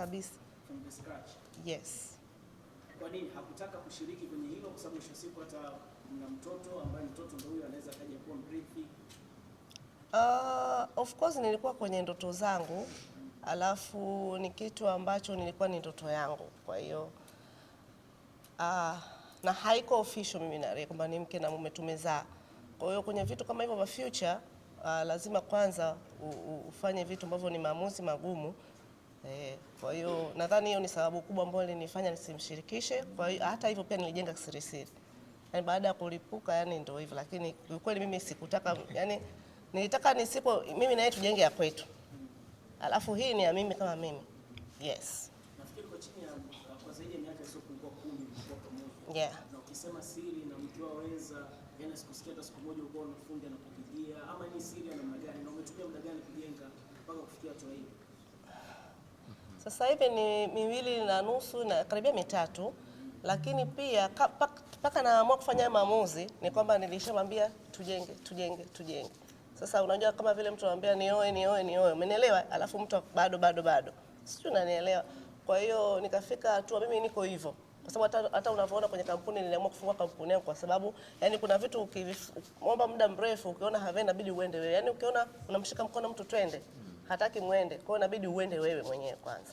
kabisa. From the scratch. Yes. Kwa nini hakutaka kushiriki kwenye hilo? Kwa sababu mwisho siku hata mna mtoto ambaye mtoto ndio huyo anaweza kaja kuwa mrithi. Uh, of course nilikuwa kwenye ndoto zangu, alafu ni kitu ambacho nilikuwa ni ndoto yangu, kwa hiyo uh, na haiko official mimi na Rei kwamba ni mke na mume tumezaa. Kwa hiyo kwenye vitu kama hivyo vya future, uh, lazima kwanza u, u, ufanye vitu ambavyo ni maamuzi magumu E, kwa hiyo nadhani hiyo ni sababu kubwa ambayo ilinifanya nisimshirikishe. Kwa hiyo hata hivyo pia nilijenga kisirisiri. Yaani baada ya kulipuka yani ndio hivyo lakini ukweli mimi sikutaka yani nilitaka nisipo mimi na yeye tujenge ya kwetu. Alafu hii ni ya mimi kama mimi. Yes. Nafikiri kwa chini ya kwa zaidi ya miaka sio kulikuwa 10 kwa pamoja. Yeah. Na ukisema siri na mtu aweza yani sikusikia hata siku moja uko unafunga na kupigia ama ni siri ya namna gani na umetumia muda gani kupigia sasa hivi ni miwili na nusu na karibia mitatu, lakini pia mpaka naamua kufanya maamuzi ni kwamba nilishamwambia tujenge, tujenge, tujenge. Sasa unajua kama vile mtu anambia nioe, nioe, nioe, umenielewa? Alafu mtu bado bado bado, sijui unanielewa. Kwa hiyo nikafika hatua mimi niko hivyo kwa sababu hata, hata unavyoona kwenye kampuni niliamua kufungua kampuni yangu kwa sababu yani, kuna vitu ukiomba muda mrefu ukiona havi inabidi uende wewe, yani ukiona unamshika mkono mtu twende, hataki mwende, kwa hiyo inabidi uende wewe mwenyewe kwanza.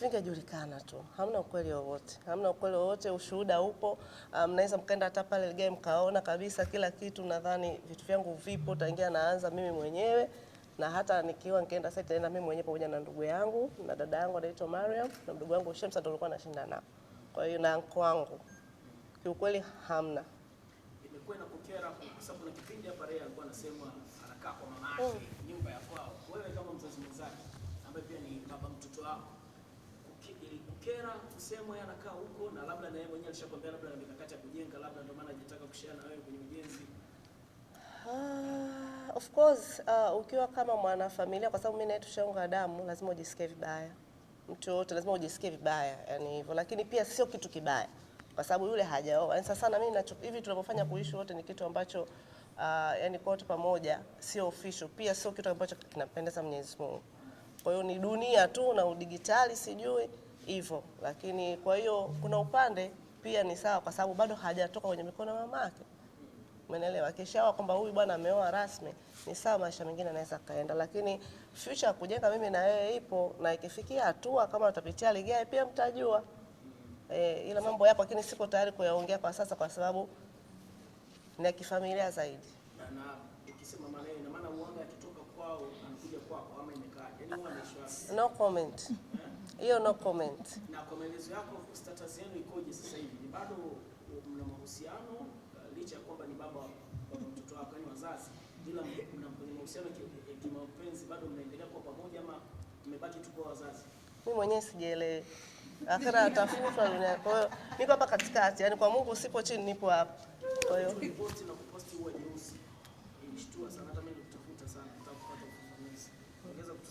vingejulikana tu, hamna ukweli wowote, hamna ukweli wowote, ushuhuda upo. Um, mnaweza um, mkaenda hata pale game mkaona kabisa kila kitu. Nadhani vitu vyangu vipo tangia naanza mimi mwenyewe na hata nikiwa nikienda site naenda mimi mwenyewe pamoja na ndugu yangu na dada yangu anaitwa Mariam na mdogo wangu Shemsa ndio alikuwa anashinda nao, kwa hiyo na anko wangu kiukweli hamna. Imekuwa inakukera kwa sababu na kipindi hapa Ray alikuwa anasema anakaa kwa mama yake mm. nyumba ya kwao, wewe kama mzazi mwenzake ambaye pia ni baba mtoto wako kukera kusema yeye anakaa huko na labda na yeye mwenyewe alishakwambia labda na mikakati ya kujenga labda ndio maana hajataka kushare na wewe kwenye ujenzi. Uh, of course uh, ukiwa kama mwanafamilia kwa sababu mimi naye tushaunga damu lazima ujisikie vibaya. Mtu yote lazima ujisikie vibaya, yani hivyo, lakini pia sio kitu kibaya kwa sababu yule hajaoa. Yaani sasa na mimi hivi tunavyofanya kuishi wote ni kitu ambacho uh, yani kwa wote pamoja sio official, pia sio kitu ambacho kinapendeza Mwenyezi Mungu. Kwa hiyo ni dunia tu na udigitali sijui hivyo, lakini kwa hiyo kuna upande pia ni sawa, kwa sababu bado hajatoka kwenye mikono ya mamake. Umeelewa? Akishawa kwamba huyu bwana ameoa rasmi, ni sawa, maisha mengine anaweza kaenda, lakini future kujenga mimi na yeye ipo, na ikifikia hatua kama utapitia ligae pia mtajua. E, ila mambo yapo, lakini siko tayari kuyaongea kwa sasa, kwa sababu ni ya kifamilia zaidi. Yaani no comment. Eh? hiyo no comment. Na kwa maelezo yako, status yenu ikoje sasa hivi? Ni bado mna mahusiano uh, licha ya kwamba ni baba wa mtoto wako, ni wazazi, ila mna mahusiano kimapenzi, bado mnaendelea kwa pamoja ama mmebaki tu kwa wazazi? Mimi mwenyewe sijielewi, akhera atafutwa dunia. Kwa hiyo niko hapa katikati, yaani kwa Mungu sipo chini, nipo hapa. Kwa hiyo ripoti na kuposti huwa jeusi ilishtua sana, hata mimi nitafuta sana